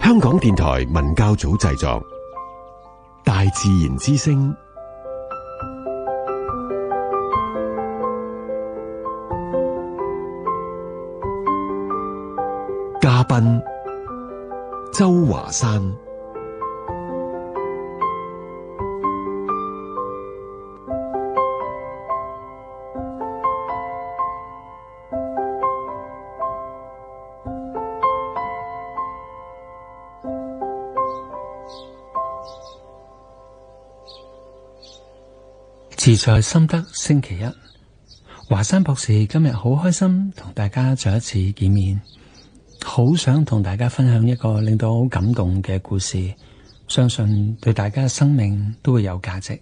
香港電台文教組製作《大自然之聲》。嘉賓周華山，自在心得星期一，華山博士今日好開心同大家再一次見面。好想同大家分享一個令到好感動嘅故事，相信對大家嘅生命都會有價值。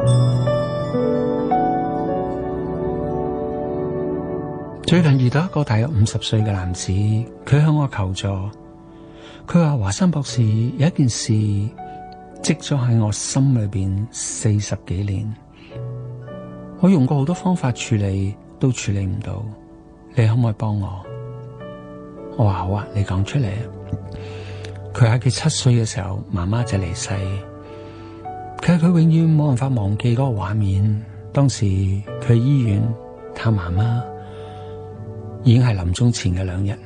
最近遇到一個大約五十歲嘅男子，佢向我求助，佢話，華山博士，有一件事，積咗喺我心裏面四十幾年。我用過好多方法處理，都處理唔到。你可唔可以幫我？我話好啊，你講出嚟啊。佢喺佢七歲嘅時候，媽媽就離世。佢係佢永遠冇辦法忘記嗰個畫面。當時佢喺醫院探媽媽，媽媽已經係臨終前嘅兩日。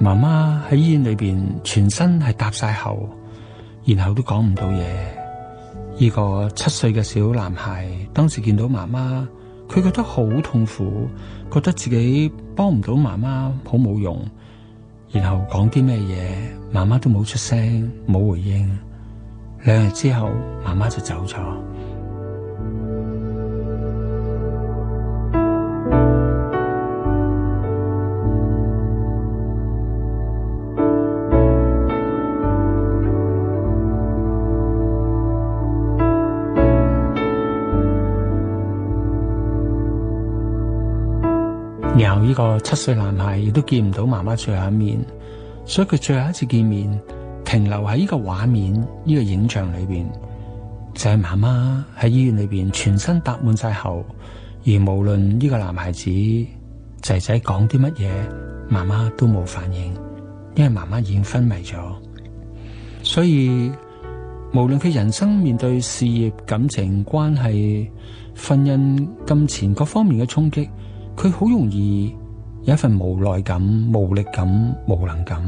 媽媽喺醫院裏邊，全身係搭晒喉，然後都講唔到嘢。呢個七歲嘅小男孩，當時見到媽媽，佢覺得好痛苦，覺得自己幫唔到媽媽，好冇用。然後講啲咩嘢，媽媽都冇出聲，冇回應。兩日之後，媽媽就走咗。呢個七歲男孩亦都見唔到媽媽最後一面，所以佢最後一次見面停留喺呢個畫面、呢個影像裏邊，就係媽媽喺醫院裏邊全身搭滿晒喉，而無論呢個男孩子仔仔講啲乜嘢，媽媽都冇反應，因為媽媽已經昏迷咗。所以無論佢人生面對事業、感情、關係、婚姻、金錢各方面嘅衝擊，佢好容易。有一份無奈感、無力感、無能感，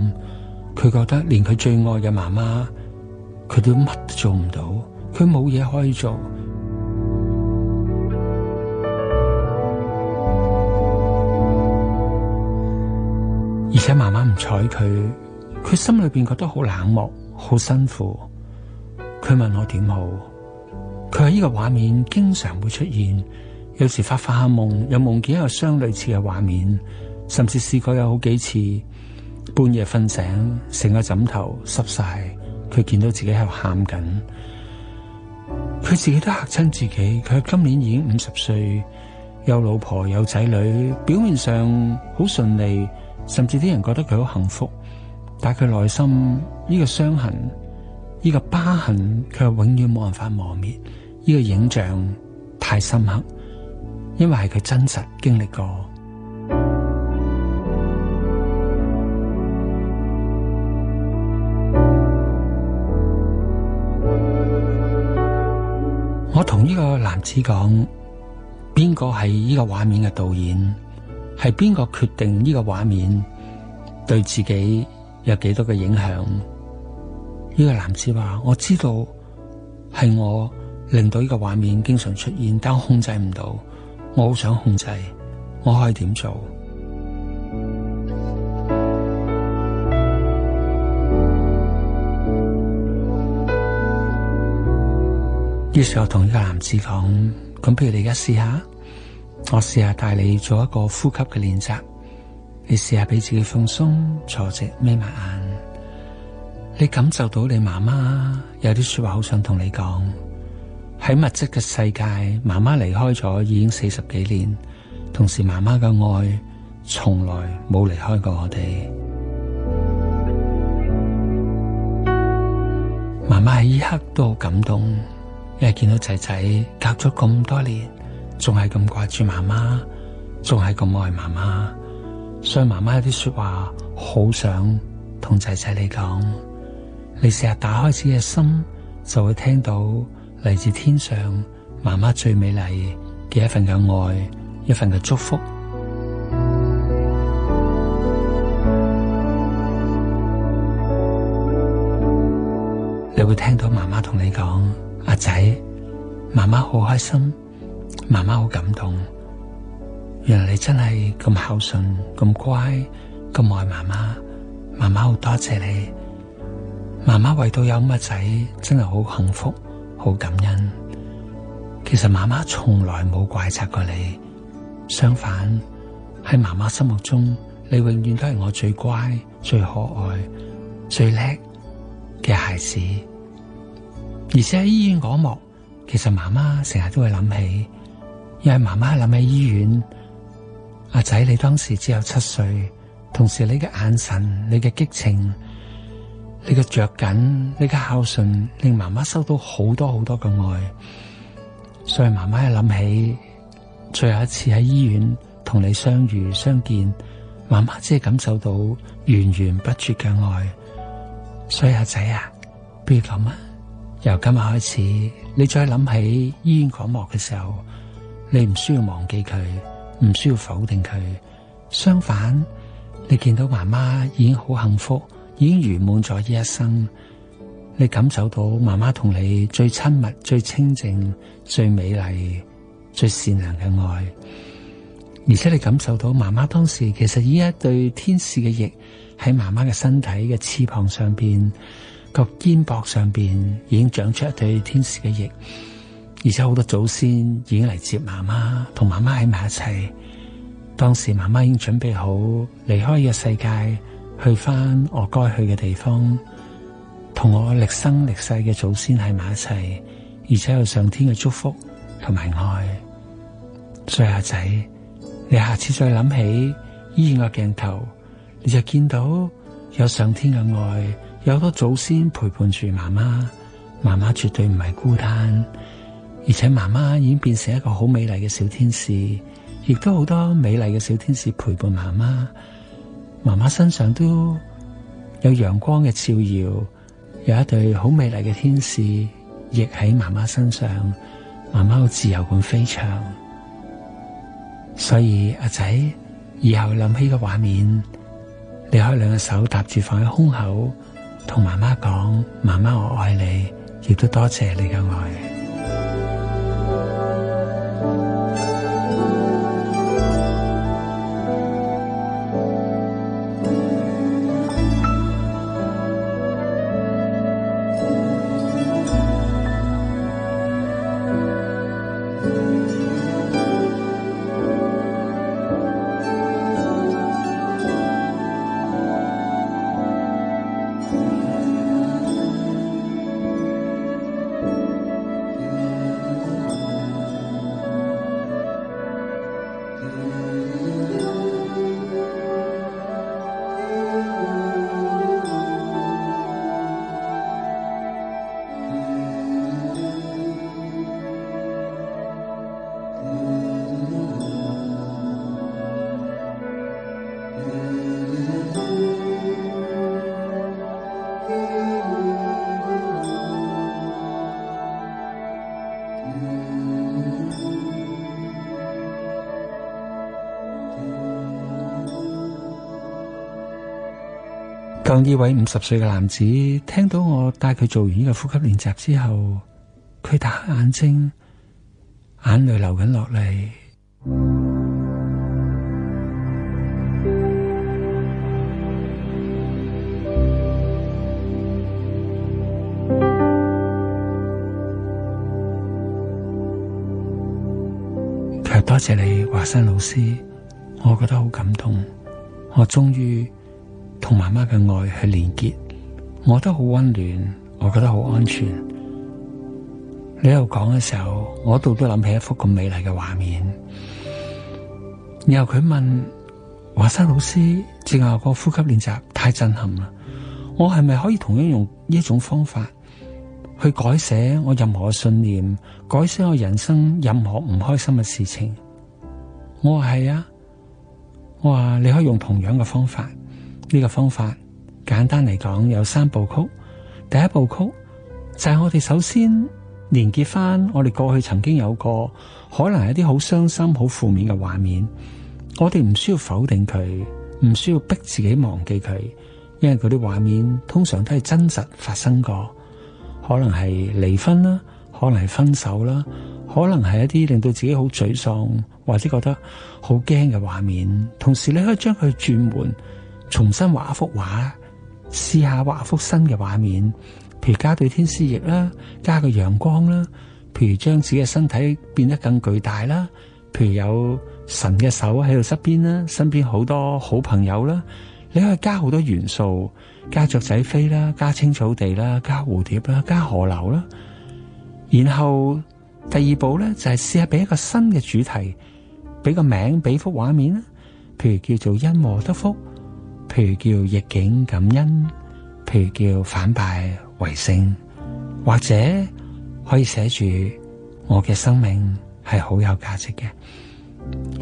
佢覺得連佢最愛嘅媽媽，佢都乜都做唔到，佢冇嘢可以做， 而且媽媽唔睬佢，佢心裏邊覺得好冷漠、好辛苦，佢問我點好，佢喺呢個畫面經常會出現。有時發發下夢，又夢見一個相類似嘅畫面，甚至試過有好幾次半夜瞓醒，成個枕頭濕晒，佢見到自己喺度喊緊，佢自己都吓親自己。佢今年已經五十歲，有老婆有仔女，表面上好順利，甚至啲人覺得佢好幸福，但係佢內心呢個傷痕、呢個疤痕，卻永遠冇辦法磨滅，呢個影像太深刻。因為係佢真實經歷過。我同呢個男子講：邊個係呢個畫面嘅導演？係邊個決定呢個畫面對自己有幾多嘅影響？呢個男子話：我知道係我令到呢個畫面經常出現，但我控制唔到。我好想控制，我可以點做？於是，我同一個男子講：咁，不如你而家試下，我試下帶你做一個呼吸嘅練習。你試下俾自己放鬆，坐直，眯埋眼。你感受到你媽媽有啲說話好想同你講。喺物質嘅世界，媽媽離開咗已經四十幾年，同時媽媽嘅愛從來冇離開過我哋。 媽媽喺呢一刻都好感動，因為見到仔仔隔咗咁多年，仲係咁掛住媽媽，仲係咁愛媽媽，所以媽媽有啲說話好想同仔仔你講，你成日打開自己嘅心，就會聽到。嚟自天上，媽媽最美麗嘅一份嘅愛，一份嘅祝福。 你會聽到媽媽同你講：阿仔，媽媽好開心，媽媽好感動。原來你真係咁孝順，咁乖，咁愛媽媽。媽媽好多謝你，媽媽為到有咁嘅仔，真係好幸福。好感恩，其實媽媽從來冇怪責過你，相反喺媽媽心目中，你永遠都係我最乖、最可愛、最叻嘅孩子。而且喺醫院嗰幕，其實媽媽成日都會諗起，又係媽媽諗起醫院，阿仔你當時只有七歲，同時你嘅眼神、你嘅激情。你嘅着緊，你嘅孝順，令媽媽收到好多好多嘅愛。所以媽媽一諗起最後一次喺醫院同你相遇相見，媽媽只係感受到源源不絕嘅愛。所以阿仔啊，不如咁啊，由今日開始，你再諗起醫院講幕嘅時候，你唔需要忘記佢，唔需要否定佢。相反，你見到媽媽已經好幸福。已經圓滿咗呢一生，你感受到媽媽同你最親密、最清淨、最美麗、最善良嘅愛，而且你感受到媽媽當時其實呢一對天使嘅翼喺媽媽嘅身體嘅翅膀上邊個肩膊上邊已經長出一對天使嘅翼，而且好多祖先已經嚟接媽媽，同媽媽喺埋一齊。當時媽媽已經準備好離開呢個世界。去翻我該去嘅地方，同我歷生歷世嘅祖先喺埋一齊，而且有上天嘅祝福同埋愛。所以阿仔，你下次再諗起醫院嘅鏡頭，你就見到有上天嘅愛，有好多祖先陪伴住媽媽。媽媽絕對唔係孤單，而且媽媽已經變成一個好美麗嘅小天使，亦都好多美麗嘅小天使陪伴媽媽。媽媽身上都有陽光嘅照耀，有一對好美麗嘅天使，亦喺媽媽身上，媽媽好自由咁飛翔。所以阿仔以後諗起個畫面，你可以兩隻手搭住放喺胸口，同媽媽講：媽媽我愛你，亦都多謝你嘅愛。當呢位五十歲嘅男子聽到我帶佢做完呢個呼吸練習之後，佢打開眼睛，眼淚流緊落嚟。多謝，謝你，華山老師，我覺得好感動，我終於。同媽媽嘅愛去連結，我都好溫暖，我覺得好安全。你喺度講嘅時候，我度都諗起一幅咁美麗嘅畫面。然後佢問華山老師，啱先嗰個呼吸練習太震撼啦，我係咪可以同樣用呢一種方法去改寫我任何信念，改寫我人生任何唔開心嘅事情？我話係啊，我話你可以用同樣嘅方法。呢個方法簡單嚟講有三部曲。第一部曲就係、是、我哋首先連結翻我哋過去曾經有過可能係一啲好傷心、好負面嘅畫面。我哋唔需要否定佢，唔需要逼自己忘記佢，因為嗰啲畫面通常都係真實發生過。可能係離婚啦，可能係分手啦，可能係一啲令到自己好沮喪或者覺得好驚嘅畫面。同時你可以將佢轉換。重新畫一幅畫，試下畫幅新嘅畫面，譬如加對天使翼啦，加個陽光啦，譬如將自己嘅身體變得更巨大啦，譬如有神嘅手喺度側邊啦，身邊好多好朋友啦，你可以加好多元素，加雀仔飛啦，加青草地啦，加蝴蝶啦，加河流啦。然後第二步咧就係試下俾一個新嘅主題，俾個名俾幅畫面啦，譬如叫做因禍得福。譬如叫逆境感恩，譬如叫反敗為勝，或者可以寫住我嘅生命係好有價值嘅，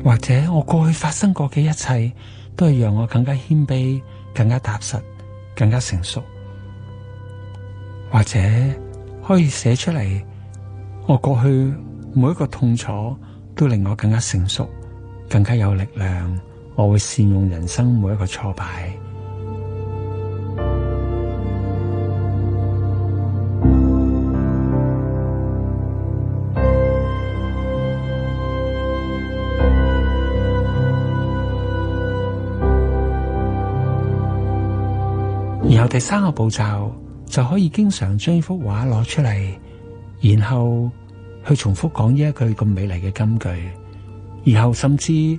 或者我過去發生過嘅一切都係讓我更加謙卑、更加踏實、更加成熟，或者可以寫出嚟我過去每一個痛楚都令我更加成熟、更加有力量。我會善用人生每一個挫敗。然後第三個步驟就可以經常將幅畫攞出嚟，然後去重複講呢一句咁美麗嘅金句，然後甚至。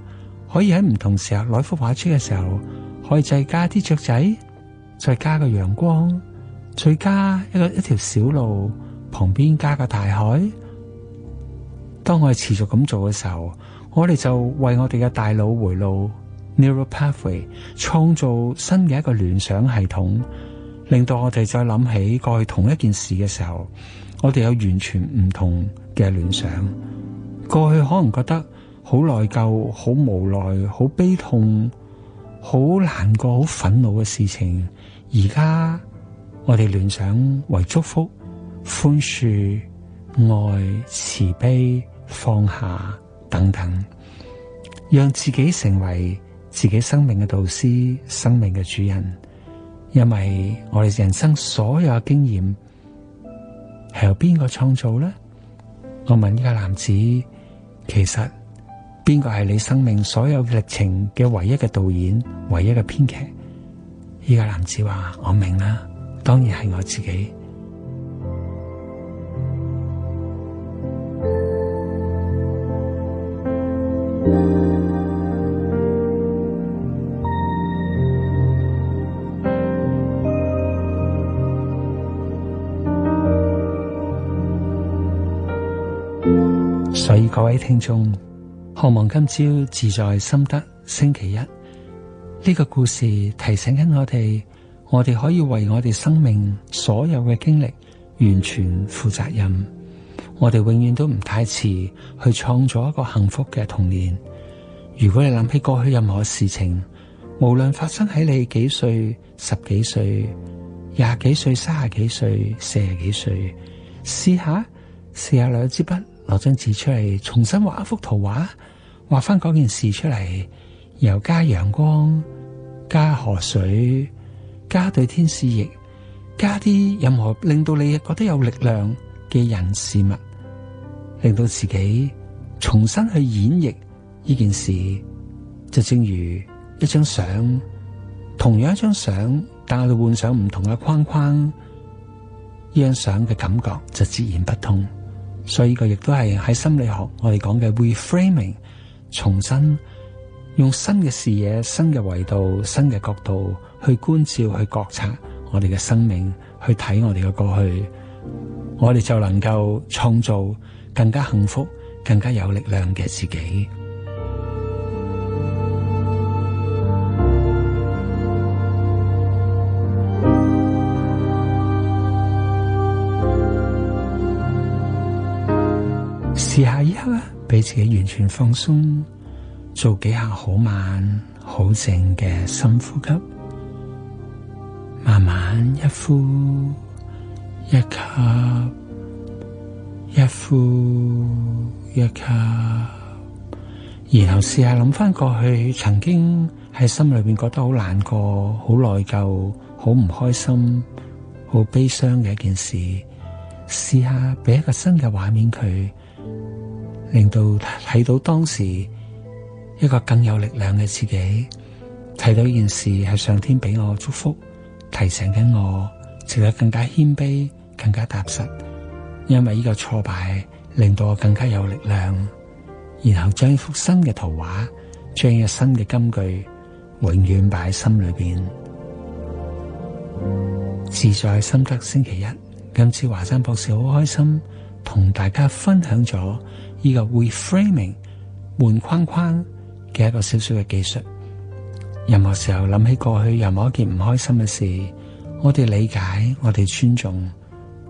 可以喺唔同時候攞幅畫出嘅時候，可以再加啲雀仔，再加個陽光，再加一個一條小路旁邊加個大海。當我哋持續咁做嘅時候，我哋就為我哋嘅大腦回路 （neural pathway） 創造新嘅一個聯想系統，令到我哋再諗起過去同一件事嘅時候，我哋有完全唔同嘅聯想。過去可能覺得。好內疚、好無奈、好悲痛、好難過、好憤怒嘅事情，而家我哋聯想為祝福、寬恕、愛、慈悲、放下等等，讓自己成為自己生命嘅導師、生命嘅主人。因為我哋人生所有經驗係由邊個創造呢？我問呢個男子，其實。邊個係你生命所有嘅歷程嘅唯一嘅導演、唯一嘅編劇？呢個男子話：我明啦，當然係我自己。所以各位聽眾。盼望今朝自在心得星期一，呢個故事提醒緊我哋，我哋可以為我哋生命所有嘅經歷完全負責任。我哋永遠都唔太遲去創造一個幸福嘅童年。如果你諗起過去任何事情，無論發生喺你幾歲、十幾歲、廿幾歲、三十幾歲、四十幾歲，試下試下兩支筆，攞張紙出嚟，重新畫一幅圖畫。畫翻嗰件事出嚟，又加陽光、加河水、加對天使翼、加啲任何令到你覺得有力量嘅人事物，令到自己重新去演繹呢件事，就正如一張相，同樣一張相，但係換上唔同嘅框框，呢張相嘅感覺就截然不同。所以佢亦都係喺心理學我哋講嘅 reframing。重新用新嘅視野、新嘅維度、新嘅角度去觀照、去覺察我哋嘅生命，去睇我哋嘅過去，我哋就能夠創造更加幸福、更加有力量嘅自己。是係呀。 俾自己完全放鬆，做幾下好慢、好靜嘅深呼吸，慢慢一呼一吸，一呼一吸，然後試下諗翻過去曾經喺心裏邊覺得好難過、好內疚、好唔開心、好悲傷嘅一件事，試下俾一個新嘅畫面佢。令到睇到當時一個更有力量嘅自己，睇到呢件事係上天俾我祝福，提醒緊我，值得更加謙卑，更加踏實。因為呢個挫敗令到我更加有力量，然後將一幅新嘅圖畫，將一新嘅金句，永遠擺喺心裏邊。自在心得星期一，今次華山博士好開心。同大家分享咗呢個 reframing 換框框嘅一個少少嘅技術。任何時候諗起過去，任何一件唔開心嘅事，我哋理解，我哋尊重，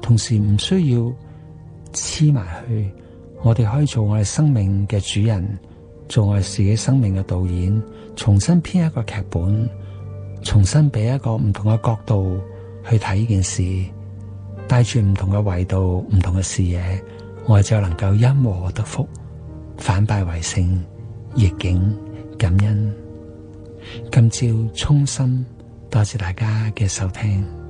同時唔需要黐埋去。我哋可以做我哋生命嘅主人，做我哋自己生命嘅導演，重新編一個劇本，重新俾一個唔同嘅角度去睇呢件事。帶住唔同嘅維度、唔同嘅視野，我就能夠因禍得福，反敗為勝，逆境感恩。今朝衷心多謝大家嘅收聽。